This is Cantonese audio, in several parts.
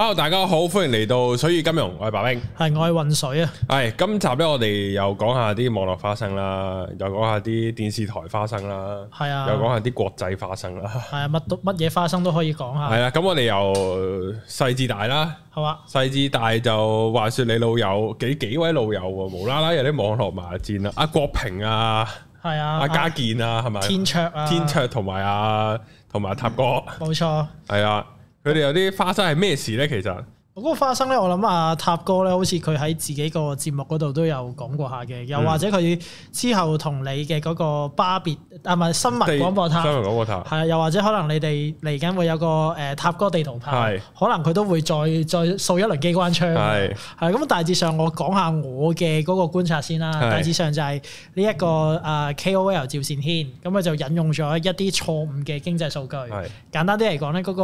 Hello 大家好，歡迎嚟到水與金融，我係白兵，係我係混水啊。係今集咧，我哋又講下啲網絡花生啦，又講下啲電視台花生啦，係啊，又講下啲國際花生啦，係啊，乜都乜嘢花生都可以講下。係啊，咁我哋由細至大啦，係嘛，細至大就話說你老友幾幾位老友啊，無啦啦有啲網絡罵戰啦，阿國平啊，係啊，阿家健啊，係嘛，天卓啊，天卓同埋阿同埋塔哥，冇錯，係啊。佢哋有啲花生係咩事咧？其實我嗰個花生咧，我諗阿、啊、塔哥咧，好似佢喺自己個節目嗰度都有講過下嘅，嗯、又或者佢之後同你嘅嗰個巴別啊唔係新聞廣播塔，新聞廣播塔係，又或者可能你哋嚟緊會有個誒、呃、塔哥地圖炮，是可能佢都會再再掃一輪機關槍。係，係咁，大致上我講下我嘅嗰個觀察先啦。是大致上就係呢一個啊 KOL 趙善軒，咁佢、嗯、就引用咗一啲錯誤嘅經濟數據。係是簡單啲嚟講咧，嗰、嗰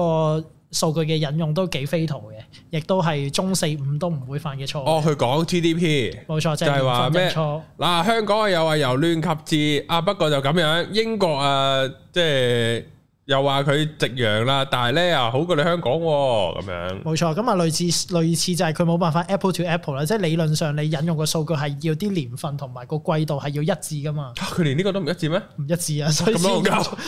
個。數據嘅引用都幾 fatal 嘅，亦都係中四五都唔會犯嘅錯、哦、錯。哦、就是，佢講 GDP，冇錯，即係話咩？嗱，香港又話由亂及治啊，不過就咁樣。英國啊，即係。又話佢夕陽啦，但係咧又好過你香港咁、啊、樣。冇錯，咁啊類似類似就係佢冇辦法 apple to apple 啦，即係理論上你引用嘅數據係要啲年份同埋個季度係要一致噶嘛。佢、啊、連呢個都唔一致咩？唔一致啊，所以先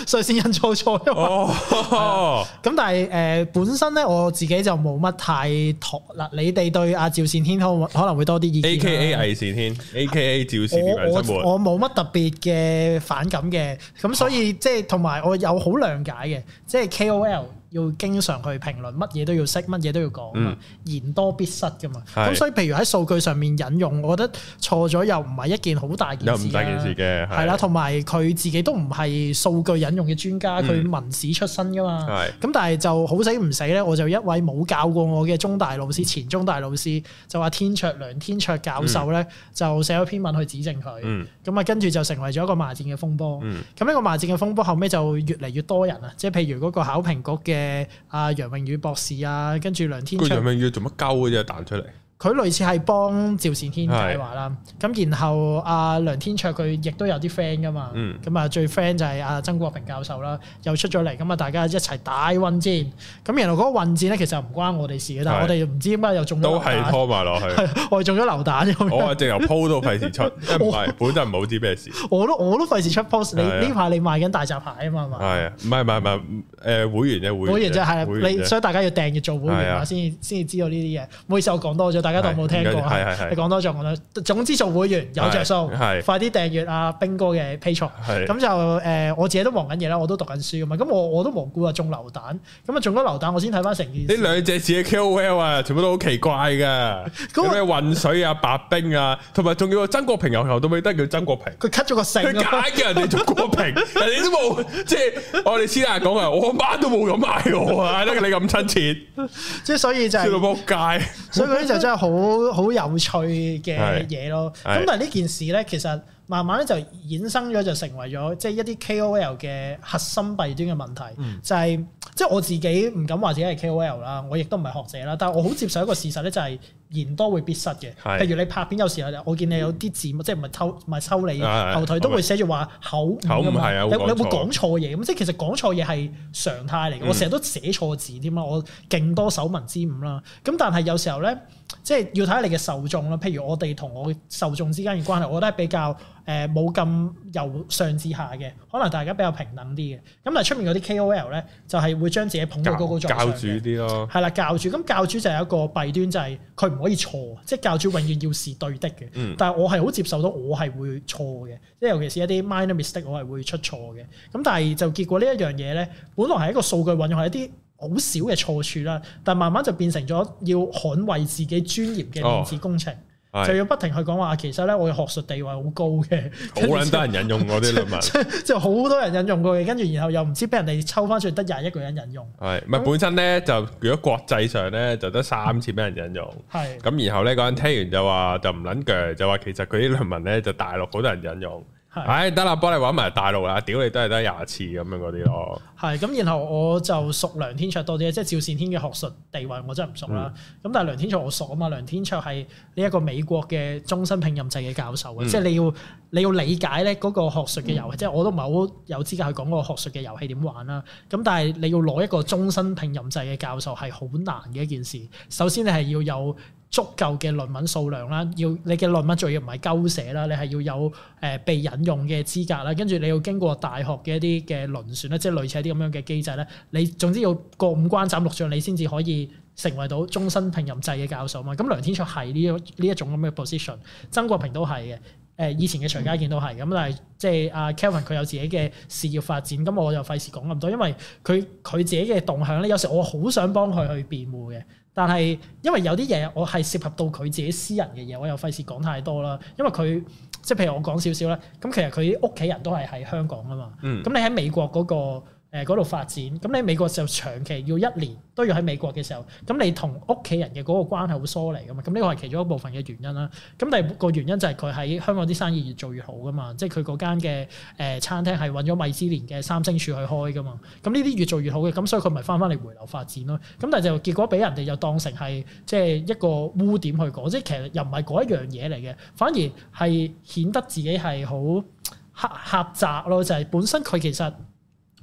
所以先引錯錯。咁、哦 嗯、但係誒本身咧我自己就冇乜太同嗱，你哋對阿趙善天可能會多啲意見。A K A 魏善天，A K A 趙善天我我冇乜特別嘅反感嘅，咁所以即係同埋我有好良。解嘅，即係 KOL。要經常去評論，乜嘢都要識，乜嘢都要講、嗯、言多必失噶嘛，咁是所以譬如喺數據上面引用，我覺得錯咗又唔係一件好大件事、啊、大件事嘅，係啦，同埋佢自己都唔係數據引用嘅專家，佢、嗯、文史出身噶嘛。咁、嗯，但係就好死唔死咧，我就一位冇教過我嘅中大老師，前中大老師就話：天卓梁天卓教授咧，嗯、就寫咗篇文去指證佢。咁啊、嗯，嗯、跟住就成為咗一個罵戰嘅風波。咁呢、嗯、個罵戰嘅風波後尾就越嚟越多人啊，即係譬如嗰個考評局嘅。誒，阿楊穎宇博士啊，跟住梁天。個楊穎宇做乜鳩嘅啫，彈出嚟？佢類似係幫趙善軒解話啦，咁然後阿梁天卓佢亦都有啲 friend 噶嘛。咁啊最 friend 就係阿曾國平教授啦，又出咗嚟，咁啊大家一齊打運戰，咁原來嗰個運戰咧其實唔關我哋事嘅，但係我哋唔知點解又中咗都係拖埋落去，我哋中咗流彈，我話淨係 post 都費事出。係，本身唔好知咩事。我都我都費事出 post，你呢排你賣緊大閘蟹啊嘛？係啊，唔係唔係唔誒會員嘅會員，會員就係啦，所以大家要訂閱做會員啊，先至先至知道呢啲嘢。每次我講多咗。大家都冇聽過啊！你講多咗，講多。總之做會員有著數，快啲訂閱阿兵哥嘅 Patreon。咁就誒，我自己都忙緊嘢啦，我都讀緊書啊嘛。咁我我都無辜啊，中流彈。咁啊，中咗流彈，我先睇翻成件事。呢兩隻字嘅 K.O.L 啊，全部都好奇怪噶。有咩渾水啊、白兵啊，同埋仲要曾國平由頭到尾都叫曾國平。佢 cut 咗個姓嘅，人哋做國平，人哋都冇即係。我哋師奶講啊，我媽都冇咁嗌我啊，你咁親切。即係所以就係。衰到撲街。所以就真係。好好有趣嘅嘢咯，咁的但係呢件事咧，其實慢慢咧就衍生咗，就成為咗即係一啲 KOL 嘅核心弊端嘅問題，的就係即係我自己唔敢話自己係 KOL 啦，我亦都唔係學者啦，但係我好接受一個事實咧，就是，就係。言多會必失嘅，譬如你拍片有時候，我見你有啲字，即係唔係抽唔係抽你後台都會寫住話口，你你會講錯嘢咁，即係其實講錯嘢係常態嚟嘅。我成日都寫錯字添啊，我勁多手民之誤啦。咁但係有時候咧，即係要睇下你嘅受眾咯。譬如我哋同我受眾之間嘅關係，我覺得係比較誒冇咁由上至下嘅，可能大家比較平等啲嘅。咁但係出面嗰啲 KOL 咧，就係會將自己捧到高高，高在上。教主啲咯，啊，係啦，教主。咁教主就有一個弊端，就係佢。唔可以錯，即係教主永遠要係對的嘅。但係我係好接受到，我係會錯嘅，即係尤其是一啲 minor mistake，我係會出錯嘅。咁但係就結果呢一樣嘢咧，本來係一個數據，運用，係一啲好少嘅錯處啦。但慢慢就變成咗要捍衛自己專業嘅面子工程。哦就要不停去講話，其實咧我嘅學術地位好高嘅，好撚多人引用嗰啲論文，即係好多人引用過嘅，跟住 然後又唔知俾人哋抽翻出嚟得廿一個人引用。係咪本身咧、嗯、就如果國際上咧就得三次俾人引用。係咁是，然後咧嗰人聽完就話就唔撚鋸，就話其實佢啲論文咧就大陸好多人引用。唉，得啦、哎，幫你玩埋大陸啦，屌你都係得廿次咁樣嗰啲咯。係、哦，咁然後我就熟梁天卓多啲即係趙善軒嘅學術地位我真係唔熟啦。咁、嗯、但係梁天卓我熟啊嘛，梁天卓係呢一個美國嘅終身聘任制嘅教授、嗯、即係你要你要理解咧嗰個學術嘅遊戲，即係、嗯、我都唔係好有資格去講嗰個學術嘅遊戲點玩啦。咁但係你要攞一個終身聘任制嘅教授係好難嘅一件事，首先你係要有足夠嘅論文數量啦，要你嘅論文仲要唔係鳩寫啦，你係要有誒、呃、被引用嘅資格啦，跟住你要經過大學嘅一啲嘅遴選啦，即係類似一啲咁樣嘅機制咧。你總之要過五關斬六將，你先至可以成為到終身聘任制嘅教授嘛。咁梁天卓係呢一呢一種咁嘅 position，曾國平都係嘅，誒以前嘅徐家健都係咁，嗯、但係即係阿 Kevin 佢有自己嘅事業發展，咁我就費事講咁多，因為佢佢自己嘅動向咧，有時我好想幫佢去辯護嘅。但係，因為有啲嘢我係涉及到佢自己私人嘅嘢，我又費事講太多啦。因為佢即係譬如我講少少啦，咁其實佢屋企人都係喺香港啊嘛。咁、嗯、你喺美國嗰個誒嗰度發展，咁你喺美國就長期要一年都要喺美國嘅時候，咁你同屋企人嘅嗰個關係好疏離噶嘛？咁呢個係其中一部分嘅原因啦。咁第二個原因就係佢喺香港啲生意越做越好噶嘛，即係佢嗰間嘅誒餐廳係揾咗米芝蓮嘅三星處去開噶嘛。咁呢啲越做越好嘅，咁所以佢咪翻翻嚟回流發展咯。咁但係就結果俾人哋就當成係即係一個污點去講，即係其實又唔係嗰一樣嘢嚟嘅，反而係顯得自己係好狹狹窄咯。就係、是、本身佢其實。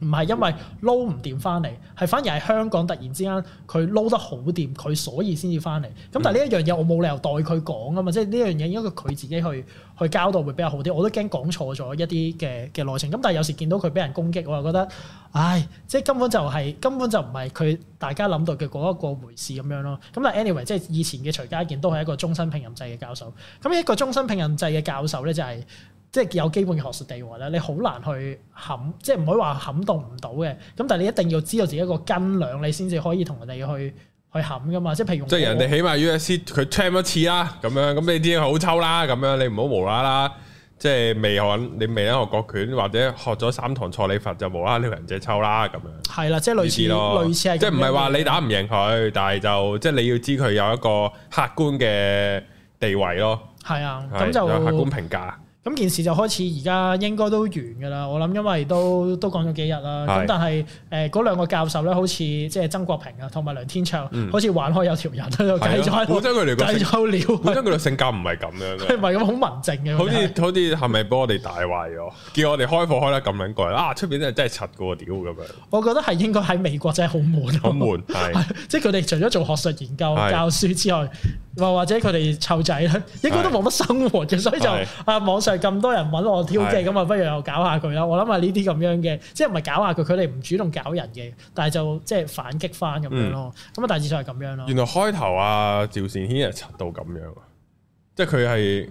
唔係因為撈唔掂翻嚟，係反而係香港突然之間佢撈得好掂，佢所以先至翻嚟。咁但係呢一樣嘢，我冇理由代佢講啊嘛。即係呢樣嘢應該佢自己去去交代會比較好啲。我都驚講錯咗一啲嘅嘅內情。咁但係有時見到佢俾人攻擊，我又覺得，唉，即係根本就係、是、根本就唔係佢大家諗到嘅嗰一個回事咁樣咯。咁但係 anyway，即係以前嘅徐家健都係一個終身聘任制嘅教授。咁一個終身聘任制嘅教授咧、就是，就係。即係有基本嘅學術地位咧，你好難去撼，即係唔可以話撼動唔到嘅。咁但係你一定要知道自己一個斤兩，你先至可以同人哋去去撼㗎嘛。即係譬如，即係人哋起碼 U.S. 佢 train 一次啦，咁樣咁你啲好抽啦，咁樣你唔好無啦啦，即係未學你未啱學國拳或者學咗三堂錯理法就無啦啦撩人姐抽啦咁樣。係啦，即係類似類似，即係唔係話你打唔贏佢，但係就即係你要知佢有一個客觀嘅地位咯。係啊，咁就有客觀評價。咁件事就開始，而家應該都完㗎啦。我諗因為都都講咗幾日啦。咁但係誒嗰兩個教授咧，好似即係曾國平啊，同埋梁天卓，好似玩開有條人喺度計咗，計咗料。本身佢哋性格唔係咁樣，佢唔係咁好文靜嘅。好似好似係咪帶我哋大壞咗？叫我哋開課開得咁撚怪啊！出邊真係真係柒㗎屌咁樣。我覺得係應該喺美國真係好悶，好悶即係佢哋除咗做學術研究教書之外。或者佢哋湊仔咧，應該都冇乜生活嘅，是所以就是啊網上咁多人揾我挑機，咁啊是不如又搞下佢啦。我諗下呢啲咁樣嘅，即係唔係搞下佢？佢哋唔主動搞人嘅，但係就即係反擊翻咁樣咯。咁啊、嗯、大致上係咁樣咯。原來開頭啊趙善軒係插到咁樣，即係佢係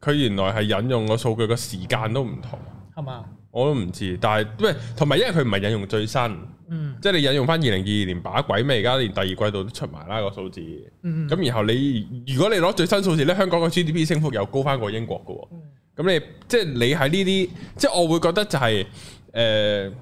佢原來係引用個數據嘅時間都唔同，係嘛？我都唔知，但係，因為同埋，因為佢唔係引用最新，嗯，即係你引用翻二零二二年把鬼咩？而家連第二季度都出埋啦，個數字，咁、嗯、然後你如果你攞最新數字咧，香港個 GDP 升幅又高翻過英國嘅，咁、嗯、你即係、就是、你喺呢啲，即、就、係、是、我會覺得就係、是，誒、呃，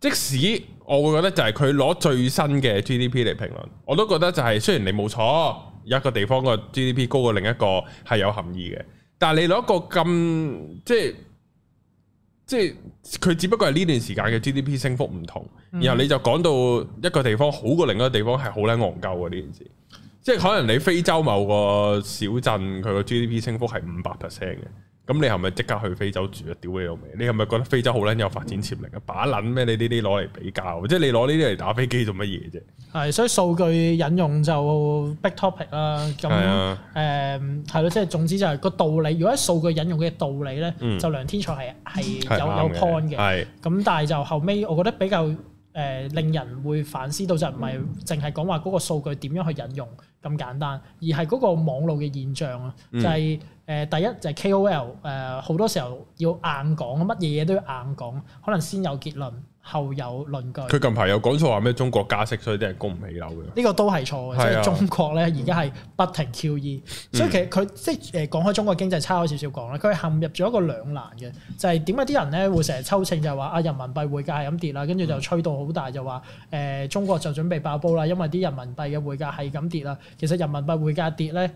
即使我會覺得就係佢攞最新嘅 GDP 嚟評論，我都覺得就係雖然你冇錯，有一個地方個 GDP 高過另一個係有含義嘅，但係你攞一個咁即係。就是即係佢只不過係呢段時間嘅 GDP 升幅唔同，嗯、然後你就講到一個地方好過另一個地方係好撚戇鳩啊！呢件事，即係可能你非洲某個小鎮佢個 GDP 升幅係五百 percent 嘅。咁你係咪即刻去非洲住啊？屌你老味！你係咪覺得非洲好撚有發展潛力啊？把撚咩？你呢啲攞嚟比較，即係你攞呢啲嚟打飛機做乜嘢啫？係，所以數據引用就 big topic 啦。咁誒係咯，即係的、嗯、總之就係、是、個道理。如果喺數據引用嘅道理咧，嗯、就梁天才係係有的有 point 嘅。係。咁但係就後尾我覺得比較誒、呃、令人會反思到就唔係淨係講話嗰個數據點樣去引用咁簡單，而係嗰個網絡嘅現象啊，嗯、就係、是。誒第一就係 KOL，誒、呃、好多時候要硬講，乜嘢嘢都要硬講，可能先有結論，後有論據。佢近排有講錯話咩？中國加息，所以啲人供唔起樓嘅。呢個都係錯嘅，啊、即係中國咧，而家係不停 QE，所以其實佢、嗯、即係誒講開中國經濟差咗少少講啦。佢陷入咗一個兩難嘅，就係點解啲人咧會成日抽秤就話啊人民幣匯價係咁跌啦，跟住就吹到好大就話誒、呃、中國就準備爆煲啦，因為啲人民幣嘅匯價係咁跌啦。其實人民幣匯價跌咧。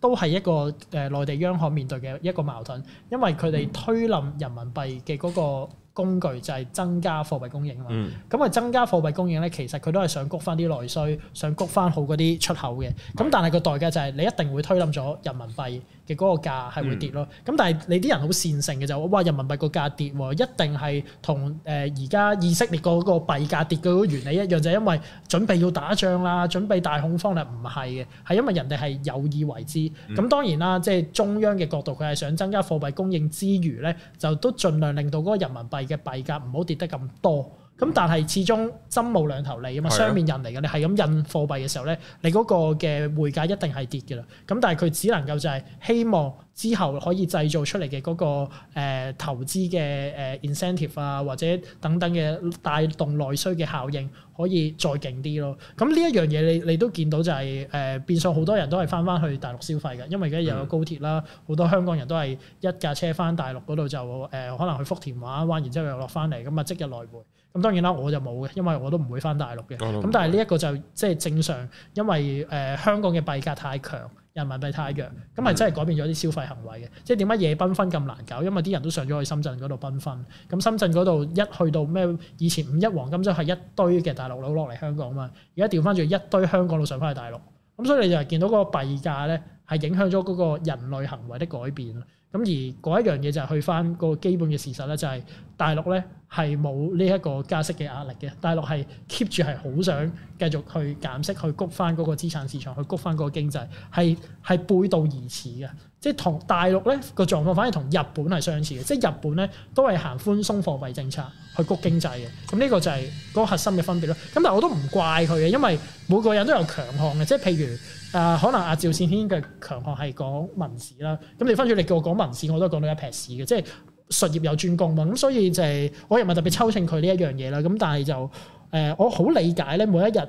都係一個誒，內地央行面對嘅一個矛盾，因為佢哋推冧人民幣嘅嗰個工具就係增加貨幣供應啊嘛，咁啊、嗯、增加貨幣供應咧，其實佢都係想谷翻啲內需，想谷翻好嗰啲出口嘅，咁、嗯、但係個代價就係你一定會推冧咗人民幣嘅嗰個價係會跌咯，咁、嗯、但係你啲人好線性嘅就哇人民幣個價跌，一定係同誒而家以色列嗰個幣價跌嘅原理一樣，就係、是、因為準備要打仗啦，準備大恐慌啦唔係嘅，係因為人哋係有意為之。咁、嗯、當然啦，即、就、係、是、中央嘅角度，佢係想增加貨幣供應之餘咧，就都盡量令到嗰個人民幣。嘅幣價唔好跌得咁多。咁但係始終針冇兩頭利啊嘛，雙面刃嚟嘅，你係咁印貨幣嘅時候咧，你嗰個嘅匯價一定係跌嘅啦。咁但係佢只能夠就係希望之後可以製造出嚟嘅嗰個、呃、投資嘅誒 incentive 啊，或者等等嘅帶動內需嘅效應可以再勁啲咯。咁呢一樣嘢你你都見到就係、是、誒、呃、變相好多人都係翻翻去大陸消費㗎，因為而家又有高鐵啦，好、嗯、多香港人都係一架車翻大陸嗰度就誒、呃、可能去福田玩，玩，然之後又落翻嚟，咁啊即日來回。咁當然啦，我就冇嘅，因為我都唔會翻大陸嘅。咁、哦、但係呢一個就即係正常，因為誒香港嘅幣價太強，人民幣太弱，咁係、嗯、真係改變咗啲消費行為嘅。即係點解夜繽紛咁難搞？因為啲人都上咗去深圳嗰度繽紛。咁深圳嗰度一去到咩？以前五一黃金周係一堆嘅大陸佬落嚟香港嘛，而家調翻轉一堆香港佬上翻去大陸。咁所以你就係見到嗰個幣價咧，係影響咗嗰個人類行為的改變。咁而嗰一樣嘢就係去翻個基本嘅事實咧，就係大陸咧係冇呢一個加息嘅壓力嘅，大陸係 keep 住係好想繼續去減息去谷翻嗰個資產市場，去谷翻個經濟係係背道而馳嘅，即係同大陸咧個狀況反而同日本係相似嘅，即係日本咧都係行寬鬆貨幣政策去谷經濟嘅，咁呢個就係嗰個核心嘅分別咯。咁但係我都唔怪佢嘅，因為每個人都有強項嘅，即係譬如。啊、呃，可能阿、啊、趙善軒嘅強項係講文史啦。咁、嗯、你分住，你叫我講文史，我都講到一撇屎嘅，即係術業有專攻嘛。咁、嗯、所以就係、是、我又唔係特別抽秤佢呢一樣嘢啦。咁、嗯、但係就誒、呃，我好理解咧，每一日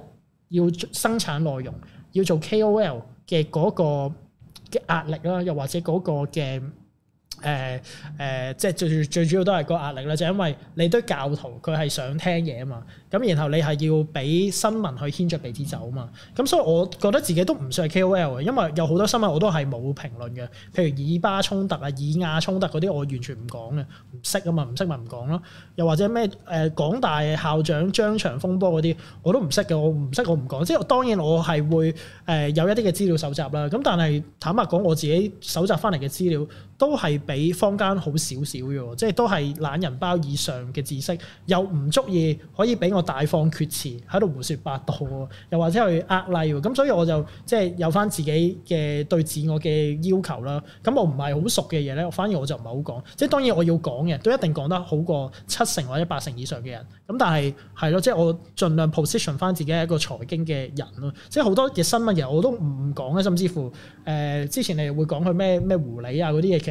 要生產內容，要做 KOL 嘅嗰個嘅壓力啦，又或者嗰個嘅。誒誒，即係最最主要都係個壓力啦，就是、因為你堆教徒，佢係想聽嘢啊嘛，咁然後你係要俾新聞去牽着鼻子走啊嘛，咁所以我覺得自己都唔算係 KOL 嘅，因為有好多新聞我都係冇評論嘅，譬如以巴衝突啊、以亞衝突嗰啲，我完全唔講嘅，唔識啊嘛，唔識咪唔講咯。又或者咩誒港大校長張翔風波嗰啲，我都唔識嘅，我唔識我唔講。即係當然我係會誒、呃、有一啲嘅資料搜集啦，咁但係坦白講，我自己搜集翻嚟嘅資料。都係比坊間好少少嘅喎，即係都係懶人包以上嘅知識，又唔足以可以俾我大放厥詞喺度胡説八道喎，又或者去呃例喎，咁所以我就即係有翻自己嘅對自我嘅要求啦。咁我唔係好熟嘅嘢咧，反而我就唔係好講。即係當然我要講嘅，都一定講得好過七成或者八成以上嘅人。咁但係係咯，即係我盡量 position 翻自己係一個財經嘅人咯。即係好多嘅新聞，其實我都唔講嘅，甚至乎誒、呃、之前你哋會講佢咩咩狐狸啊嗰啲嘢。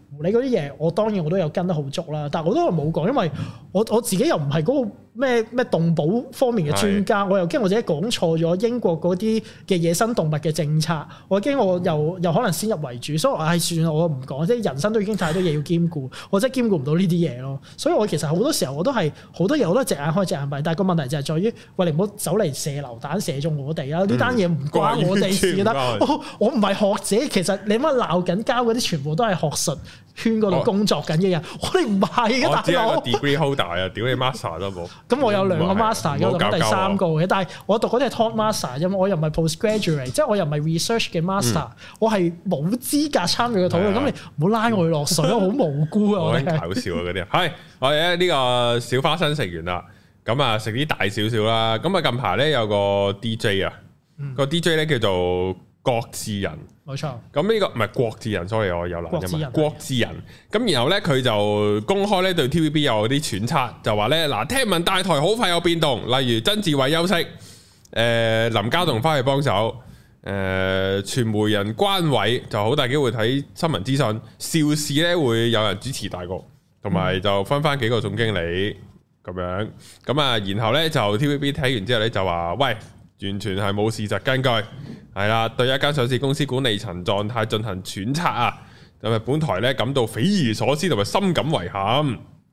你嗰啲嘢，我當然我都有跟得好足啦，但係我都係冇講，因為我我自己又唔係嗰個咩咩動保方面嘅專家，的我又驚我自己講錯咗英國嗰啲嘅野生動物嘅政策，我驚我又又可能先入為主，所以我唉算啦，我唔講，即係人生都已經太多嘢要兼顧，我真係兼顧唔到呢啲嘢咯。所以我其實好多時候我都係好多嘢我都一隻眼開一隻眼閉，但係個問題就係在於，喂你唔好走嚟射榴彈射中我哋啦，呢單嘢唔關我哋事啦，我唔係學者，其實你乜鬧緊交嗰啲全部都係學術。圈嗰度工作緊嘅人，我哋唔係嘅大佬。我知個 degree holder 啊，屌你 master 都冇。咁我有兩個 master 有咁第三個嘅。但係我讀嗰啲係 top master，因為我又唔係 postgraduate，即係我又唔係 research 嘅 master，我係冇資格參與嘅討論。咁你唔好拉我去落水啊，好無辜啊！我好搞笑啊！嗰啲係我哋呢個小花生食完啦，咁啊食啲大少少啦。咁啊近排咧有個 DJ 啊，個 DJ 咧叫做郭智仁。冇錯，咁呢、呢個唔係國智人，所以我有留意。國智人，咁然後呢，佢就公開呢對 TVB 有啲揣測，就話呢嗱，聽聞大台好快有變動，例如曾志偉休息，呃、林家棟翻去幫手，誒、呃、傳媒人關偉就好大機會睇新聞資訊，邵氏呢會有人主持大局，同埋就分翻幾個總經理咁、嗯、樣，咁啊，然後呢，就 TVB 睇完之後呢，就話喂。完全係冇事實根據，係啦，對一間上市公司管理層狀態進行揣測啊，咁啊，本台咧感到匪夷所思同埋深感遺憾，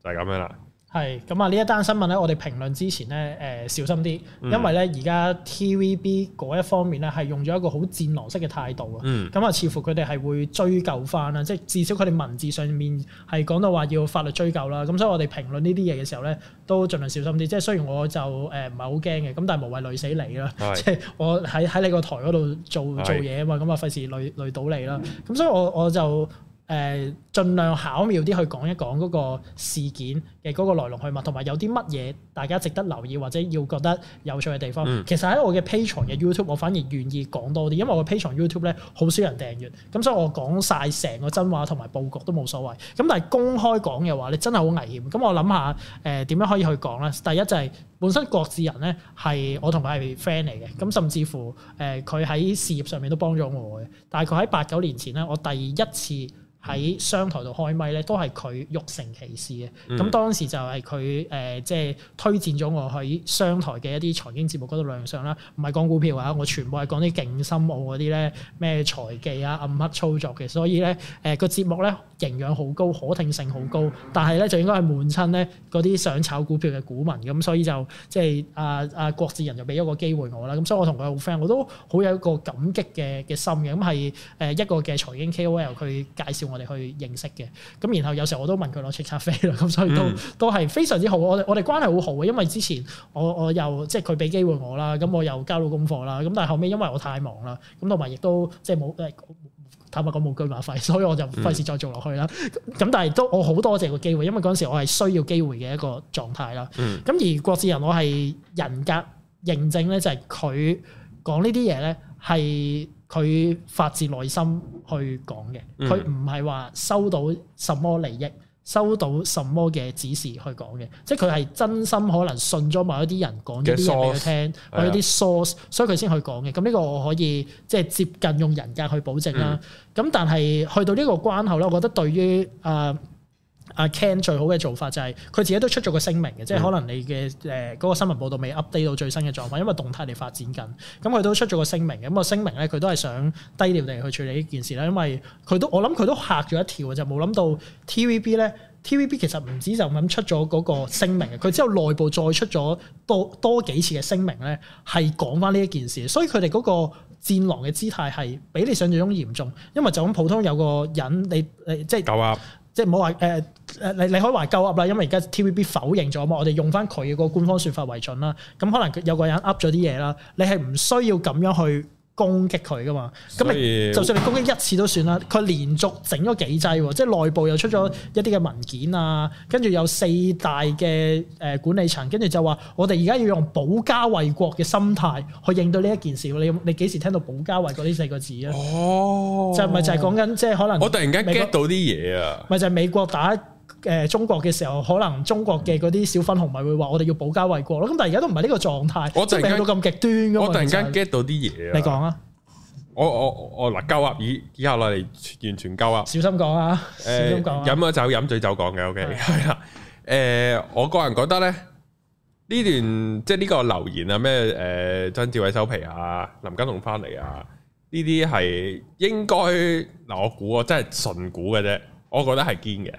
就係、是、咁樣啦。係咁啊！呢一單新聞咧，我哋評論之前咧，誒、呃、小心啲，因為咧而家 TVB 嗰一方面咧係用咗一個好戰狼式嘅態度啊。咁啊、嗯，似乎佢哋係會追究翻啦，即係至少佢哋文字上面係講到話要法律追究啦。咁所以我哋評論呢啲嘢嘅時候咧，都盡量小心啲。即係雖然我就誒唔係好驚嘅，咁、呃、但係無謂累死你啦。即係是 我喺喺你個台嗰度做做嘢啊嘛，咁啊費事累累到你啦。咁所以我我就。誒，盡量巧妙啲去講一講嗰個事件嘅嗰個來龍去脈，同埋有啲乜嘢大家值得留意或者要覺得有趣嘅地方。嗯、其實喺我嘅 Patreon 嘅 YouTube，我反而願意講多啲，因為我嘅 Patreon YouTube 咧好少人訂閱，咁所以我講晒成個真話同埋佈局都冇所謂。咁但係公開講嘅話，你真係好危險。咁我諗下誒點、呃、樣可以去講咧？第一就係、是、本身郭志仁咧係我同佢係 friend 嚟嘅，咁甚至乎誒佢喺事業上面都幫咗我嘅。但係佢喺八九年前咧，我第一次，喺商台度開咪咧，都係佢欲成其事嘅。咁、mm hmm. 當時就係佢誒即係推薦咗我去商台嘅一啲財經節目嗰度亮相啦。唔係講股票啊，我全部係講啲勁深奧嗰啲咧，咩財技啊、暗黑操作嘅。所以咧，誒、呃、個節目咧營養好高，可聽性好高，但係咧就應該係悶親咧嗰啲想炒股票嘅股民咁。所以就即係阿阿郭志仁就俾咗個機會我啦。咁所以我同佢好 friend，我都好有一個感激嘅嘅心嘅。咁係誒一個嘅財經 KOL 佢介紹我。嚟去認識嘅，咁然後有時候我都問佢攞 check cafe 啦，咁所以都都係非常之好，我我哋關係好好嘅，因為之前我我又即係佢俾機會我啦，咁我又交到功課啦，咁但係後尾因為我太忙啦，咁同埋亦都即係冇誒坦白講冇居馬費，所以我就費事再做落去啦。咁、嗯、但係都我好多謝個機會，因為嗰陣時我係需要機會嘅一個狀態啦。咁、嗯、而郭志仁我係人格認證咧，就係佢講呢啲嘢咧係。佢發自內心去講嘅，佢唔係話收到什麼利益，收到什麼嘅指示去講嘅，即係佢係真心可能信咗某一啲人講咗啲嘢俾佢聽，佢有啲 source，, 些 source 的所以佢先去講嘅。咁呢個我可以即係、就是、接近用人格去保證啦。咁、嗯、但係去到呢個關口咧，我覺得對於啊。呃阿 Ken 最好嘅做法就係佢自己都出咗個聲明嘅，嗯、即係可能你嘅誒嗰個新聞報道未 update 到最新嘅狀況，因為動態嚟發展緊。咁佢都出咗個聲明嘅，咁個聲明咧佢都係想低調地去處理呢件事咧，因為佢都我諗佢都嚇咗一跳嘅，就冇諗到 TVB 咧，TVB 其實唔止就咁出咗嗰個聲明嘅，佢之後內部再出咗多多幾次嘅聲明咧，係講返呢一件事，所以佢哋嗰個戰狼嘅姿態係比你想像中嚴重，因為就咁普通有個人你你即係即係唔好話誒誒，你、呃、你可以話夠噏啦，因為而家 TVB 否認咗嘛，我哋用翻佢嘅個官方說法為準啦。咁可能有個人噏咗啲嘢啦，你係唔需要咁樣去攻擊佢噶嘛？咁咪以就算你攻擊一次都算啦。佢連續整咗幾劑喎，即係內部又出咗一啲嘅文件啊。跟住有四大嘅誒管理層，跟住就話：我哋而家要用保家衛國嘅心態去應對呢一件事。你你幾時聽到保家衛國呢四個字啊？哦，就咪就係講緊即係可能我突然間 get 到啲嘢啊！咪就係美國打。誒中國嘅時候，可能中國嘅嗰啲小粉紅咪會話我哋要保家衛國咯。咁但係而家都唔係呢個狀態，我突然間咁極端嘅嘛。我突然間 get 到啲嘢。你講啊！我我我嗱，鳩啊！以以後落嚟完全鳩啊！小心講啊！小心講。飲咗酒，飲醉酒講嘅 OK。係啦。誒，我個人覺得咧，呢段即係呢個流言啊，咩誒曾志偉收皮啊，林家棟翻嚟啊，呢啲係應該嗱，我估我真係純估嘅啫。我覺得係堅嘅。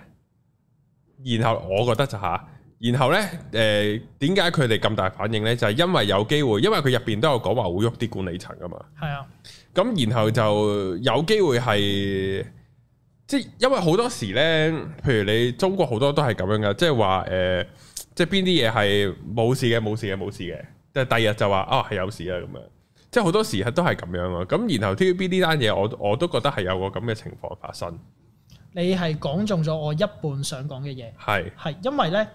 然後我覺得就吓、是，然後呢，誒、呃，點解佢哋咁大反應呢？就係、是、因為有機會，因為佢入邊都有講話會喐啲管理層噶嘛。係啊。咁然後就有機會係，即係因為好多時呢，譬如你中國好多都係咁樣噶，即係話誒，即係邊啲嘢係冇事嘅，冇事嘅，冇事嘅，但係第二日就話啊係有事啦咁樣。即係好多時係都係咁樣咯。咁然後 TVB 呢單嘢，我我都覺得係有個咁嘅情況發生。你係講中咗我一半想講嘅嘢，係是，係因為咧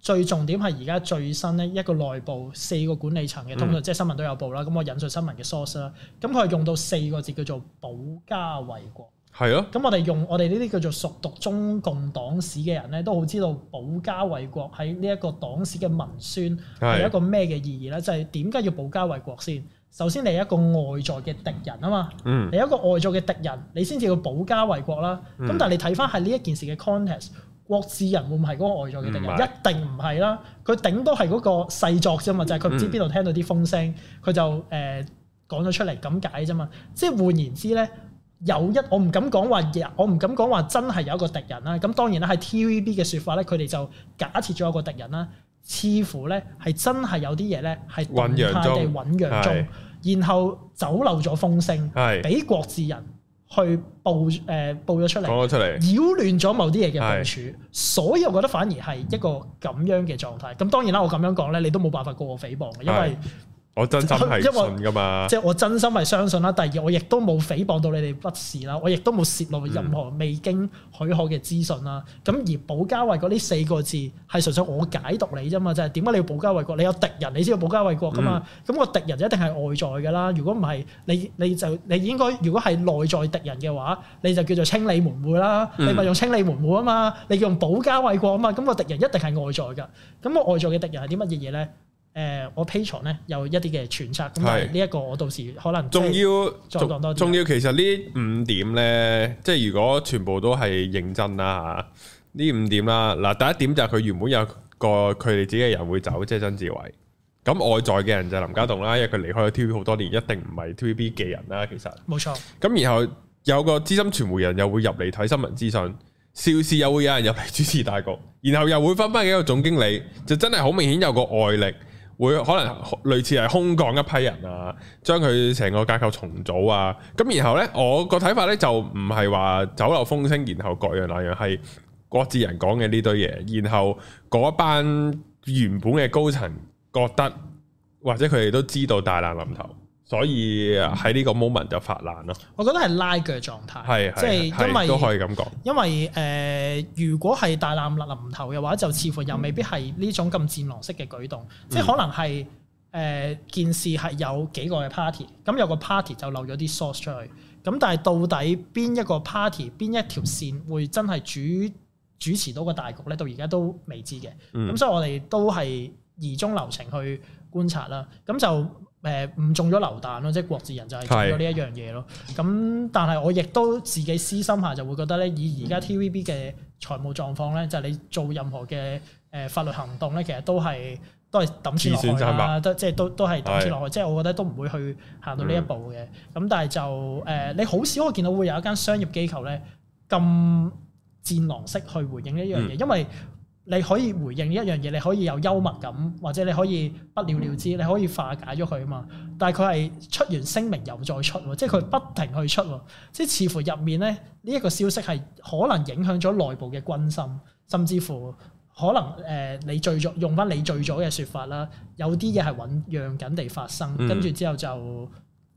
最重點係而家最新咧一個內部四個管理層嘅通訊，即係新聞都有報啦。咁、嗯、我引述新聞嘅 source 啦，咁佢係用到四個字叫做保家衛國，係啊。咁我哋用我哋呢啲叫做熟讀中共黨史嘅人咧，都好知道保家衛國喺呢一個黨史嘅文宣係一個咩嘅意義咧，就係點解要保家衛國先。首先你係一個外在嘅敵人啊嘛，嗯、你一個外在嘅敵人，你先至要保家衛國啦。咁、嗯、但係你睇翻係呢一件事嘅 context，國之人會唔係嗰個外在嘅敵人？嗯、一定唔係啦，佢頂多係嗰個細作啫嘛，嗯、就係佢唔知邊度聽到啲風聲，佢就誒講咗出嚟咁解啫嘛。即係換言之咧，有一我唔敢講話，我唔敢講話真係有一個敵人啦。咁當然啦，係 TVB 嘅説法咧，佢哋就假設咗有一個敵人啦。似乎咧，係真係有啲嘢咧，係隱瞞地醖釀中，中是然後走漏咗風聲，俾是國智人去報誒、呃、報咗出嚟，出擾亂咗某啲嘢嘅部署。是所以我覺得反而係一個咁樣嘅狀態。咁當然啦，我咁樣講咧，你都冇辦法過我誹謗嘅，因為。我真心係信噶嘛，即係我真心係相信啦。第二，我亦都冇誹謗到你哋不是啦，我亦都冇洩露任何未經許可嘅資訊啦。咁而保家衛國呢四個字係純粹我解讀你啫嘛，就係點解你要保家衛國？你有敵人，你先要保家衛國噶嘛。咁個敵人就一定係外在噶啦。如果唔係，你你就你應該如果係內在敵人嘅話，你就叫做清理門戶啦。你咪用清理門戶啊嘛，你用保家衛國啊嘛。咁個敵人一定係外在噶。咁個外在嘅敵人係啲乜嘢嘢咧？誒、呃，我 Patreon 咧有一啲嘅揣測，咁但呢一個我到時可能仲要再講多啲。仲要其實呢五點咧，即係如果全部都係認真啦嚇，呢五點啦，嗱，第一點就係佢原本有個佢哋自己嘅人會走，即係曾志偉。咁外在嘅人就係林家棟啦，因為佢離開咗 TVB 好多年，一定唔係 TVB 嘅人啦。其實冇錯。咁然後有個資深傳媒人又會入嚟睇新聞資訊，邵氏又會有人入嚟主持大局，然後又會分翻幾個總經理，就真係好明顯有個外力。會可能類似係空降一批人啊，將佢成個架構重組啊，咁然後呢，我個睇法呢，就唔係話走漏風聲，然後各樣那樣，係各自人講嘅呢堆嘢，然後嗰班原本嘅高層覺得或者佢哋都知道大難臨頭。所以喺呢個 moment 就發難咯。我覺得係拉鋸狀態，是是是是即係因為都可以咁講。因為誒、呃，如果係大難臨臨頭嘅話，就似乎又未必係呢種咁戰狼式嘅舉動，嗯、即係可能係誒、呃、件事係有幾個嘅 party，咁有個 party 就漏咗啲 source 出去，咁但係到底邊一個 party，邊一條線會真係主主持到個大局咧？到而家都未知嘅，咁、嗯、所以我哋都係疑中留情去觀察啦。咁就。誒誤、呃、中咗流彈咯，即係國字人就係做咗呢一樣嘢咯。咁是但係我亦都自己私心下就會覺得咧，以而家 TVB 嘅財務狀況咧，嗯、就你做任何嘅誒、呃、法律行動咧，其實都係都係抌錢落去啦，都即係都都係抌錢落去。即係是我覺得都唔會去行到呢一步嘅。咁、嗯、但係就誒、呃、你好少我見到會有一間商業機構咧，咁戰狼式去回應呢一樣嘢，嗯、因為。你可以回應一樣嘢，你可以有幽默感，或者你可以不了了之，你可以化解咗佢啊嘛。但係佢係出完聲明又再出，即係佢不停去出，即係似乎入面咧呢一個消息係可能影響咗內部嘅軍心，甚至乎可能誒、呃、你最早，用翻你最早嘅説法啦。有啲嘢係醞釀緊地發生，跟住之後就。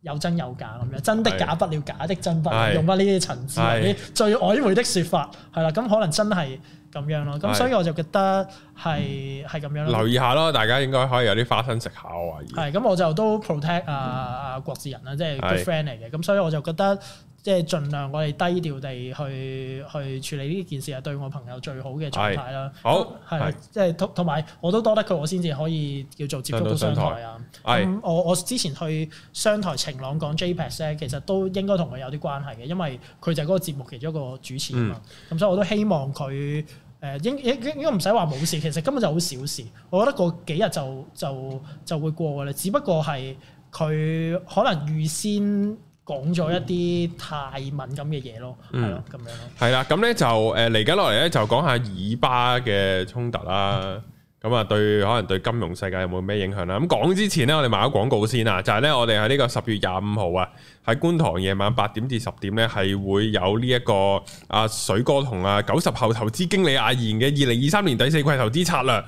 有真有假咁樣，真的假不了，假的真不了。是的 用乜呢啲層次，啲是的 最曖昧的說法，係啦，咁可能真係咁樣咯。咁所以我就覺得係係咁樣咯。的留意下咯，大家應該可以有啲花生食下喎。而係咁，我就都 protect 阿、啊、阿郭、啊、志仁啦，即、就、係、是、good friend 嚟嘅。咁所以我就覺得。即係儘量我哋低調地去去處理呢件事，係對我朋友最好嘅狀態啦。好，係啦，即係同同埋我都多得佢，我先至可以叫做接觸到商台啊。咁是、嗯、我我之前去商台晴朗講 JPEX 咧，其實都應該同佢有啲關係嘅，因為佢就係嗰個節目其中一個主持啊嘛。咁所以我都希望佢誒應應應該唔使話冇事，其實根本就好小事。我覺得過幾日就就就會過嘅啦。只不過係佢可能預先。講咗一啲太敏感嘅嘢咯，係咯咁樣咯。係啦，咁咧就誒嚟緊落嚟咧就講下以巴嘅衝突啦，咁啊 對可能對金融世界有冇咩影響啦？咁講之前咧，我哋賣咗廣告先、就是這個、啊！就係咧，我哋喺呢個十月廿五號啊，喺觀塘夜晚八點至十點咧，係會有呢一個阿水哥同啊九十後投資經理阿賢嘅二零二三年第四季投資策略。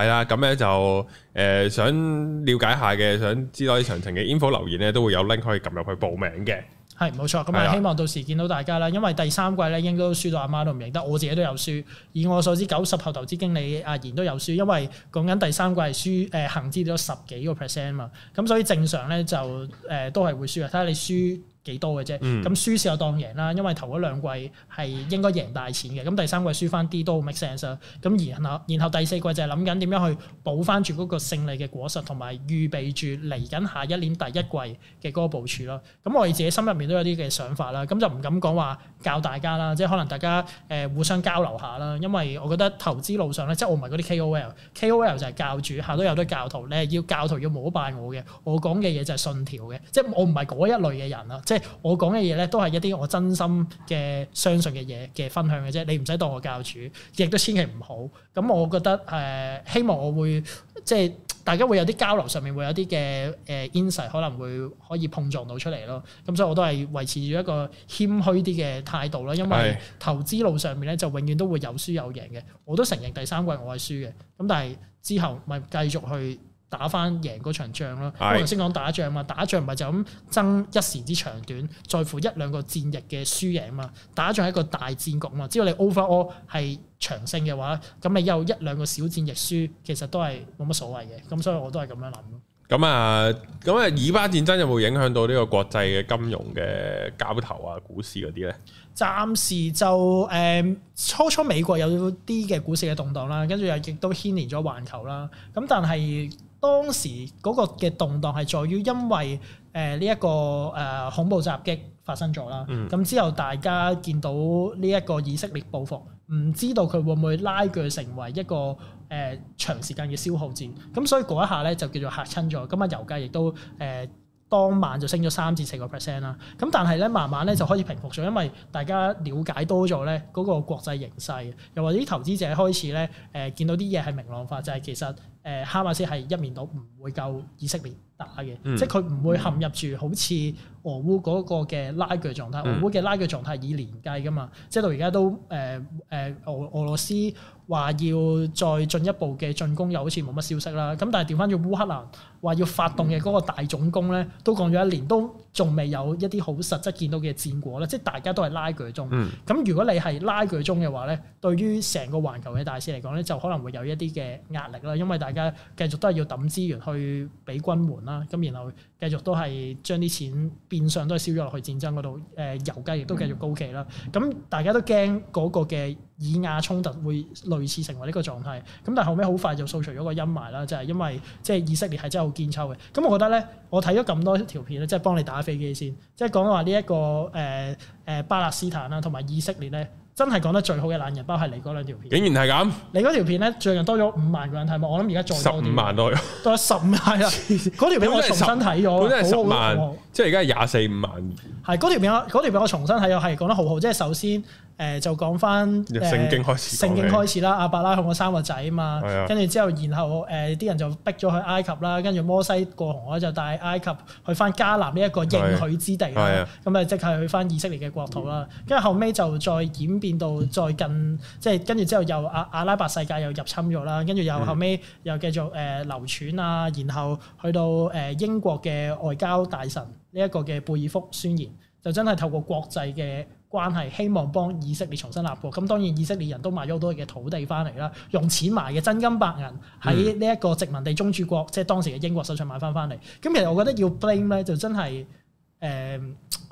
係啦，咁咧就誒、呃、想了解下嘅，想知道啲詳情嘅 info 留言咧，都會有 link 可以撳入去報名嘅。係冇錯，咁啊希望到時見到大家啦，因為第三季咧應該都輸到阿媽，媽都唔認得，我自己都有輸。以我所知，九十後投資經理阿賢都有輸，因為講緊第三季係輸誒恆指咗十幾個 percent 嘛，咁所以正常咧就誒、呃、都係會輸嘅。睇下你輸幾多嘅啫？咁、嗯、輸少又當贏啦，因為頭嗰兩季係應該贏大錢嘅，咁第三季輸翻啲都 make sense 咁然後然後第四季就係諗緊點樣去補翻住嗰個勝利嘅果實，同埋預備住嚟緊下一年第一季嘅嗰個部署咯。咁我哋自己心入面都有啲嘅想法啦。咁就唔敢講話教大家啦，即係可能大家誒互相交流下啦。因為我覺得投資路上咧，即係我唔係嗰啲 KOL，KOL 就係教主，下都有啲教徒，你係要教徒要膜拜我嘅，我講嘅嘢就係信條嘅，即係我唔係嗰一類嘅人啦，即係。我講嘅嘢咧，都係一啲我真心嘅相信嘅嘢嘅分享嘅啫，你唔使當我教主，亦都千祈唔好。咁我覺得誒、呃，希望我會即係大家會有啲交流上面會有啲嘅誒 insight，可能會可以碰撞到出嚟咯。咁所以我都係維持住一個謙虛啲嘅態度啦，因為投資路上面咧就永遠都會有輸有贏嘅。我都承認第三季我係輸嘅，咁但係之後咪繼續去打翻贏嗰場仗咯，是因為我頭先講打仗嘛，打仗唔係就咁爭一時之長短，在乎一兩個戰役嘅輸贏嘛。打仗係一個大戰局嘛，只要你 over all 係長勝嘅話，咁你有一兩個小戰役輸，其實都係冇乜所謂嘅。咁所以我都係咁樣諗咯。咁啊，咁啊，以巴戰爭有冇影響到呢個國際嘅金融嘅交投啊、股市嗰啲咧？暫時就誒、嗯，初初美國有啲嘅股市嘅動盪啦，跟住又亦都牽連咗環球啦。咁但係，當時嗰個嘅動盪係在於，因為誒呢一個誒、呃、恐怖襲擊發生咗啦，咁、嗯、之後大家見到呢一個以色列報復，唔知道佢會唔會拉鋸成為一個誒、呃、長時間嘅消耗戰，咁所以嗰一下咧就叫做嚇親咗。今日油價亦都誒、呃、當晚就升咗三至四個 percent 啦。咁但係咧，慢慢咧就開始平復咗，因為大家了解多咗咧嗰個國際形勢，又或者投資者開始咧誒、呃、見到啲嘢係明朗化，就係、是、其實。誒、啊、哈馬斯係一面倒唔會夠以色列打嘅，嗯、即係佢唔會陷入住好似俄烏嗰個嘅拉鋸狀態，嗯、俄烏嘅拉鋸狀態以年計噶嘛，嗯、即係到而家都誒誒俄俄羅斯。話要再進一步嘅進攻又好似冇乜消息啦，咁但係調翻轉烏克蘭話要發動嘅嗰個大總攻咧，都講咗一年，都仲未有一啲好實質見到嘅戰果咧，即係大家都係拉鋸中。咁、嗯、如果你係拉鋸中嘅話咧，對於成個環球嘅大市嚟講咧，就可能會有一啲嘅壓力啦，因為大家繼續都係要抌資源去俾軍援啦，咁然後繼續都係將啲錢變相都係燒咗落去戰爭嗰度，誒、呃、油價亦都繼續高企啦。咁、嗯、大家都驚嗰個嘅。以巴衝突會類似成為呢個狀態，咁但係後尾好快就掃除咗個陰霾啦，就係因為即係以色列係真係好堅秋嘅。咁我覺得咧，我睇咗咁多條片咧，即係幫你打飛機先，即係講話呢一個誒誒、呃、巴勒斯坦啦，同埋以色列咧，真係講得最好嘅懶人包係你嗰兩條片。竟然係咁，你嗰條片咧最近多咗五萬個人睇，我諗而家再多十五萬多，多十五係啦，嗰 條片我重新睇咗，真10，好。即係而家廿四五萬。係嗰 條片，嗰條片我重新睇，又係講得好好。即係首先，誒、呃、就講翻、呃、聖經開始，聖經開始啦。阿伯拉罕我三個仔啊嘛，跟住之後，然、呃、 後誒啲、呃、人就逼咗去埃及啦，跟住摩西過紅海就帶埃及去翻迦南呢一個應許之地。咁啊，即係去翻以色列嘅國土啦。跟住後尾就再演變到再近，即係跟住之後又阿阿拉伯世界又入侵咗啦，跟住又後尾又繼續誒流傳啊，然後去到誒英國嘅外交大臣。呢一個嘅貝爾福宣言就真係透過國際嘅關係，希望幫以色列重新立國。咁當然以色列人都買咗好多嘅土地翻嚟啦，用錢買嘅真金白銀喺呢一個殖民地宗主國，嗯、即係當時嘅英國手上買翻翻嚟。咁其實我覺得要 blame 咧，就真係誒、呃，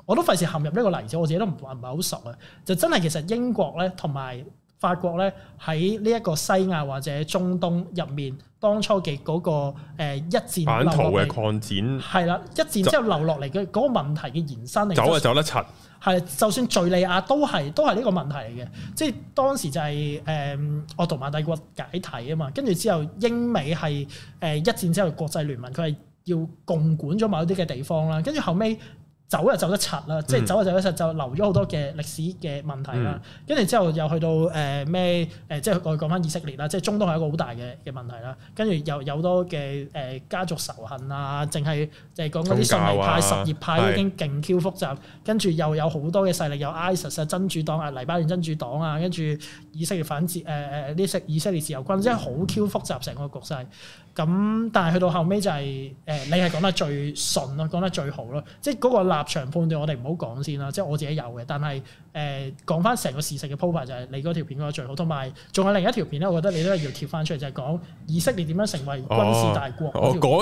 我都費事陷入呢個例子。我自己都唔唔係好熟啊。就真係其實英國咧同埋法國咧喺呢一個西亞或者中東入面。當初嘅、那、嗰個、呃、一戰版圖嘅擴展係啦，一戰之後留落嚟嘅嗰個問題嘅延伸嚟，走啊就算走得柒。係，就算敍利亞都係都係呢個問題嚟嘅，即係當時就係、是、誒、呃、鄂圖曼帝國解體啊嘛，跟住之後英美係誒、呃、一戰之後國際聯盟，佢係要共管咗某啲嘅地方啦，跟住後尾。走又走得柒啦，即係走又走得柒，就留咗好多嘅歷史嘅問題啦。跟住、嗯、之後又去到誒咩誒，即係我哋講翻以色列啦，即係中東係一個好大嘅嘅問題啦。跟住又有好多嘅誒、呃、家族仇恨啊，淨係就係講嗰啲遜尼派、什葉派已經勁 Q 複雜，跟住是又有好多嘅勢力，有 ISIS 啊 IS、真主黨啊、黎巴嫩真主黨啊，跟住以色列反擊誒誒呢啲以色列自由軍，真係好 Q 複雜成個局勢。咁、嗯，但係去到後尾就係、是、誒、呃，你係講得最順咯，講得最好咯，即係嗰個立場判斷我哋唔好講先啦。即係我自己有嘅，但係誒講翻成個事實嘅鋪排就係你嗰條片講得最好，同埋仲有另一條片咧，我覺得你都係要貼翻出嚟，就係、是、講以色列點樣成為軍事大國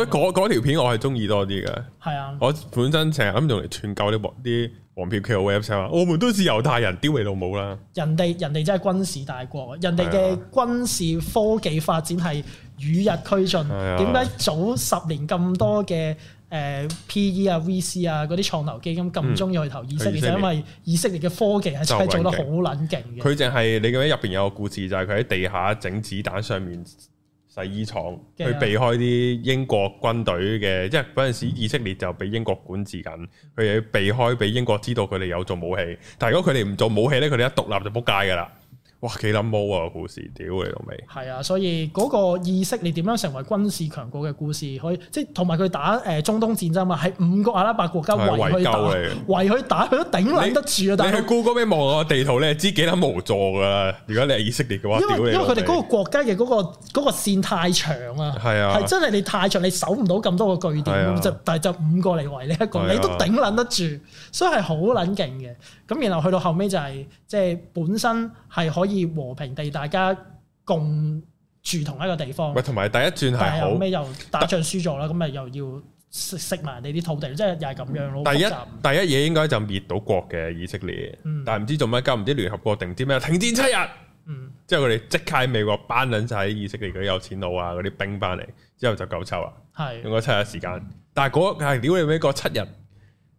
嗰、哦、條片，我係中意多啲嘅。係啊，我本身成日諗住用嚟傳教啲黃啲黃片嘅 VFX 啊，我們都是猶太人，丟嚟都冇啦。人哋人哋真係軍事大國，人哋嘅軍事、啊、科技發展係。與日俱進，點解、哎、呀早十年咁多嘅誒 PE 啊、VC 啊嗰啲創投基金咁唔中意去投、嗯、以色列，就因為以色列嘅科技係真係做得好冷靜。佢淨係你咁樣入邊有個故事，就係佢喺地下整子彈，上面洗衣廠，佢、嗯、避開啲英國軍隊嘅，因為嗰陣時以色列就俾英國管治緊，佢要避開俾英國知道佢哋有做武器。但係如果佢哋唔做武器咧，佢哋一獨立就仆街㗎啦。哇，幾撚冇啊！故事，屌你老味。係啊，所以嗰個意識，你點樣成為軍事強國嘅故事，可以即係同埋佢打誒中東戰爭嘛？係五個阿拉伯國家圍佢打，圍佢打，佢都頂撚得住啊！但係你去 Google 咩望個地圖咧，知幾撚無助噶啦！如果你係以色列嘅話，因為因為佢哋嗰個國家嘅嗰個嗰個線太長啊，係啊，係真係你太長，你守唔到咁多個據點，就但係就五個嚟圍你一個，你都頂撚得住，所以係好撚勁嘅。咁然後去到後尾就係即係本身係可以。可以和平地大家共住同一個地方。喂，同埋第一轉係好，後尾又打仗輸咗啦，咁咪但 又要食食埋你啲土地，即係又係咁樣咯、嗯。第一第一嘢應該就滅到國嘅以色列，嗯、但係唔知做乜鳩，唔知聯合國定啲咩停戰七日。嗯，之後佢哋即刻美國班撚晒啲以色列嗰啲有錢佬啊嗰啲兵翻嚟，之後就夠臭啊，係、嗯、用個七日時間，嗯嗯、但係嗰係屌你畀個七日？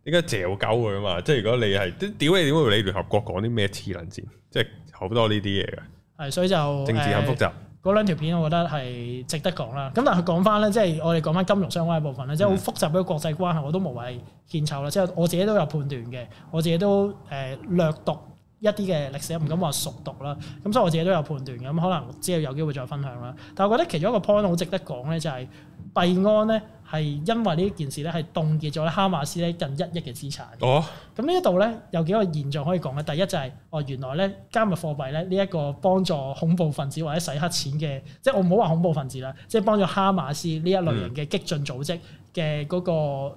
應該嚼鳩佢啊嘛！即係如果你係都屌你點會理聯合國講啲咩次能戰？即係好多呢啲嘢嘅。係，所以就政治很複雜。嗰兩條片我覺得係值得講啦。咁但係講翻咧，即係我哋講翻金融相關嘅部分咧，即係好複雜嘅國際關係，我都無謂獻醜啦。即係我自己都有判斷嘅，我自己都誒略讀一啲嘅歷史，唔敢話熟讀啦。咁所以我自己都有判斷嘅。咁可能之後有機會再分享啦。但係我覺得其中一個 point 好值得講咧，就係。幣安咧係因為呢件事咧係凍結咗咧哈馬斯咧近一億嘅資產。哦。咁呢一度咧有幾個現象可以講嘅，第一就係哦原來咧加密貨幣咧呢一個幫助恐怖分子或者洗黑錢嘅，即係我唔好話恐怖分子啦，即係幫助哈馬斯呢一類型嘅激進組織嘅嗰個誒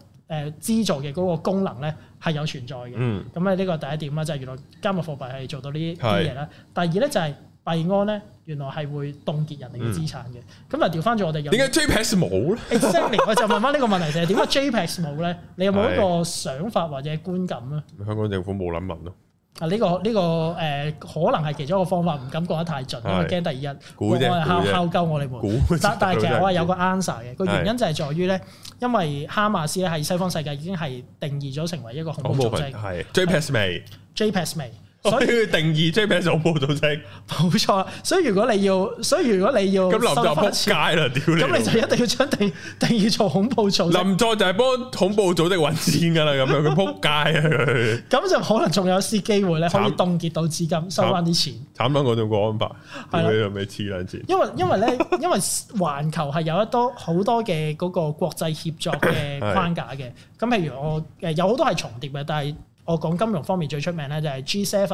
資助嘅嗰個功能咧係有存在嘅。嗯。咁咧呢個第一點啊，就係原來加密貨幣係做到呢啲嘢啦。係。第二咧就係幣安咧，原來係會凍結人哋嘅資產嘅，咁啊調翻咗我哋有點解 JPEX 冇咧？Exactly，我就問翻呢個問題就係點解 JPEX 冇咧？你有冇一個想法或者觀感咧？香港政府冇諗問咯。啊，呢個呢個誒，可能係其中一個方法，唔敢講得太盡，因為驚第二日冇人敲靠鳩我哋，但但係其實我話有個 answer 嘅，個原因就係在於咧，因為哈馬斯咧係西方世界已經係定義咗成為一個恐怖組織。係 JPEX 未？JPEX 未？所以佢定義 JPEX 恐怖組織，冇錯。所以如果你要，所以如果你要，咁林作就扑街啦，屌你！咁你就一定要將定定義做恐怖組織。林作就係幫恐怖組織搵錢噶啦，咁樣佢扑街啊！咁就可能仲有啲機會咧，可以凍結到資金，收翻啲錢。慘啦，我仲國安法，佢仲未黐兩字。因為因為咧，因為環球係有一多好多嘅嗰個國際協作嘅框架嘅。咁譬如我誒，有好多係重疊嘅，但係。我講金融方面最出名咧就係 G7，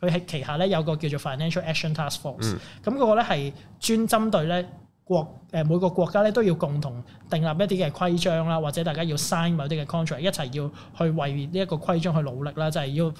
佢係旗下咧有個叫做 Financial Action Task Force，咁個咧係專針對咧國誒、呃、每個國家咧都要共同訂立一啲嘅規章啦，或者大家要 sign 某啲嘅 contract，一齊要去為呢一個規章去努力啦，就係要。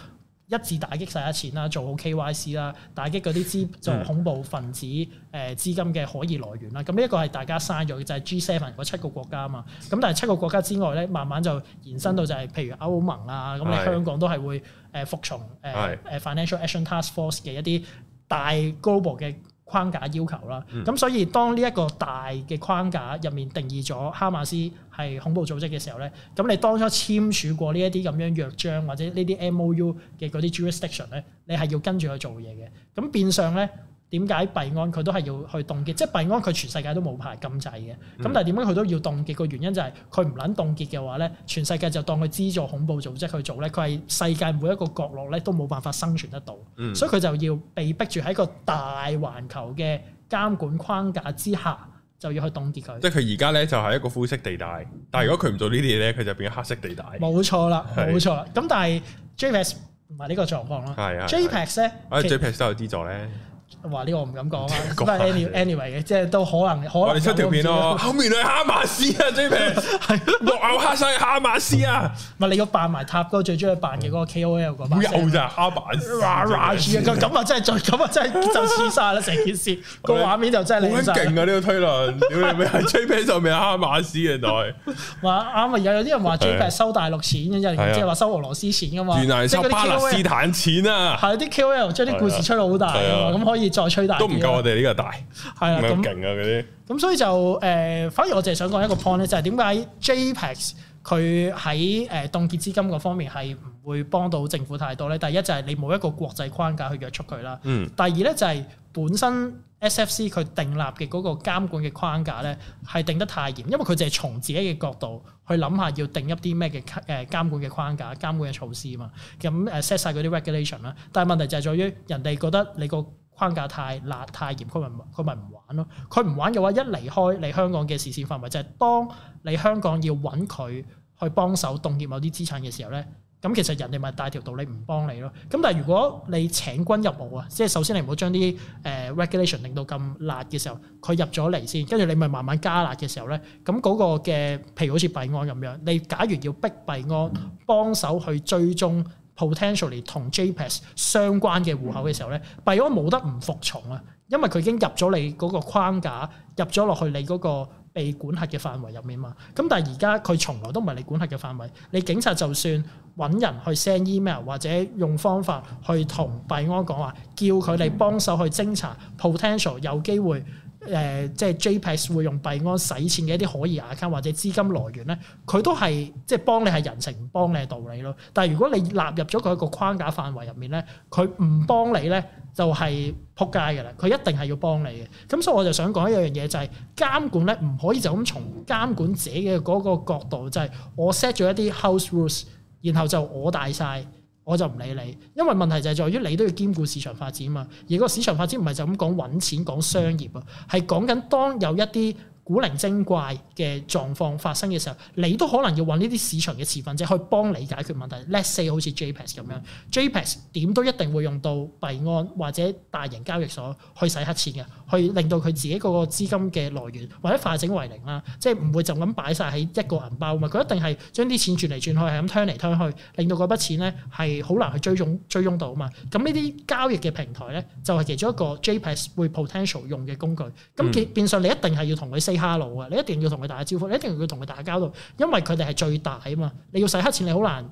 一致打擊晒一錢啦，做好 KYC 啦，打擊嗰啲資做、就係、恐怖分子誒資金嘅可疑來源啦。咁呢一個係大家嘥咗嘅就係、係、G7 嗰七個國家啊嘛。咁但係七個國家之外咧，慢慢就延伸到就係、係、譬如歐盟啊。咁你香港都係會誒服從誒誒 Financial Action Task Force 嘅一啲大 global 嘅。框架要求啦，咁所以當呢一個大嘅框架入面定義咗哈馬斯係恐怖組織嘅時候咧，咁你當初簽署過呢一啲咁樣約章或者呢啲 MOU 嘅嗰啲 jurisdiction 咧，你係要跟住去做嘢嘅，咁變相咧。點解幣安佢都係要去凍結？即係幣安佢全世界都冇牌禁制嘅，咁、嗯、但係點解佢都要凍結？個原因就係佢唔撚凍結嘅話咧，全世界就當佢資助恐怖組織去做咧，佢係世界每一個角落咧都冇辦法生存得到，嗯、所以佢就要被逼住喺個大環球嘅監管框架之下，就要去凍結佢。即係佢而家咧就係一個灰色地帶，但係如果佢唔做呢啲嘢咧，佢就變咗黑色地帶。冇錯啦，冇是錯啦。咁但係 JPEX 唔係呢個狀況咯。係啊，JPEX 咧，我覺得 JPEX 都有資助咧。實話呢個唔敢講啊。Anyway 嘅，即係都可能。我哋出條片咯。後面係哈馬斯啊，J P 係綠牛哈西哈馬斯啊。唔係你要扮埋塔哥最中意扮嘅嗰個 K O L 嗰班。綠就係哈馬斯。咁啊真係最，咁啊真係就黐晒啦成件事。個畫面就真係。好勁啊！呢個推論。J P 上面係哈馬斯嘅原來。話啱啊！有有啲人話 J P 收大陸錢，又即係話收俄羅斯錢噶嘛？原來收巴勒斯坦錢啊！係啲 K O L 即啲故事出到好大咁可以。再吹大都唔夠我哋呢個大，係啊，勁啊嗰啲。咁所以就誒、呃，反而我淨係想講一個 point 咧，就係點解 JPEX 佢喺誒凍結資金嗰方面係唔會幫到政府太多咧。第一就係你冇一個國際框架去約束佢啦。嗯。第二咧就係本身 SFC 佢訂立嘅嗰個監管嘅框架咧，係定得太嚴，因為佢淨係從自己嘅角度去諗下要定一啲咩嘅誒監管嘅框架、監管嘅措施啊嘛。咁誒 set 晒嗰啲 regulation 啦。但係問題就係在於，人哋覺得你個框架太辣太嚴，佢咪佢咪唔玩咯。佢唔玩嘅話，一離開你香港嘅視線範圍，就係、是、當你香港要揾佢去幫手凍結某啲資產嘅時候咧，咁其實人哋咪大條道理唔幫你咯。咁但係如果你請君入甕啊，即係首先你唔好將啲誒 regulation 令到咁辣嘅時候，佢入咗嚟先，跟住你咪慢慢加辣嘅時候咧，咁嗰個嘅譬如好似幣安咁樣，你假如要逼幣安幫手去追蹤，potentially 同 JPEX 相關嘅戶口嘅時候咧，幣安冇得唔服從啊，因為佢已經入咗你嗰個框架，入咗落去你嗰個被管轄嘅範圍入面嘛。咁但係而家佢從來都唔係你管轄嘅範圍，你警察就算揾人去 send email 或者用方法去同幣安講話，叫佢哋幫手去偵查，potential 有機會。誒、呃，即係 JPEX 會用幣安洗錢嘅一啲可疑 account 或者資金來源咧，佢都係即係幫你係人情，唔幫你嘅道理咯。但係如果你納入咗佢個框架範圍入面咧，佢唔幫你咧就係撲街嘅啦。佢一定係要幫你嘅。咁、嗯、所以我就想講一樣嘢就係、是、監管咧，唔可以就咁從監管者嘅嗰個角度就係、是、我 set 咗一啲 house rules，然後就我大晒。我就唔理你，因為問題就係在於你都要兼顧市場發展嘛，而嗰個市場發展唔係就咁講揾錢講商業啊，係講緊當有一啲。古靈精怪嘅狀況發生嘅時候，你都可能要揾呢啲市場嘅持份者去幫你解決問題。Let’s say 好似 JPEX 咁、mm hmm. 樣 JPEX 點都一定會用到幣安或者大型交易所去洗黑錢嘅，去令到佢自己個個資金嘅來源或者化整為零啦，即係唔會就咁擺晒喺一個銀包啊嘛。佢一定係將啲錢轉嚟轉去，係咁推嚟推去，令到嗰筆錢咧係好難去追蹤追蹤到啊嘛。咁呢啲交易嘅平台咧就係其中一個 JPEX 會 potential 用嘅工具。咁變變相你一定係要同佢 say。Hmm. 哈佬啊！你一定要同佢打招呼，你一定要同佢打交道，因為佢哋係最大啊嘛！你要洗黑錢，你好難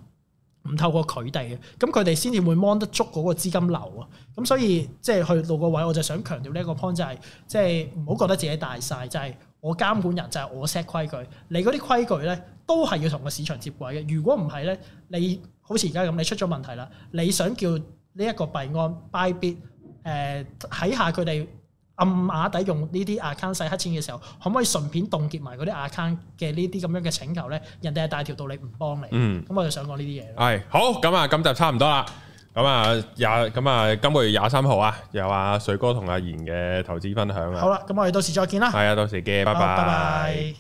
唔透過佢哋啊！咁佢哋先至會 mon 得足嗰個資金流啊！咁所以即係、就是、去到個位，我就想強調呢一個 point 就係、是，即係唔好覺得自己大晒，就係、是、我監管人就係、是、我 set 規矩，你嗰啲規矩咧都係要同個市場接軌嘅。如果唔係咧，你好似而家咁，你出咗問題啦，你想叫呢、呃、一個幣安 Bybit 誒睇下佢哋，暗瓦底用呢啲 account 洗黑錢嘅時候，可唔可以順便凍結埋嗰啲 account 嘅呢啲咁樣嘅請求咧？人哋係大條道理唔幫你，咁我就想講呢啲嘢。係好咁啊！咁就差唔多啦，咁啊廿咁啊今個月廿三號啊，有阿水哥同阿賢嘅投資分享啊。好啦，咁我哋到時再見啦。係啊，到時見。拜拜。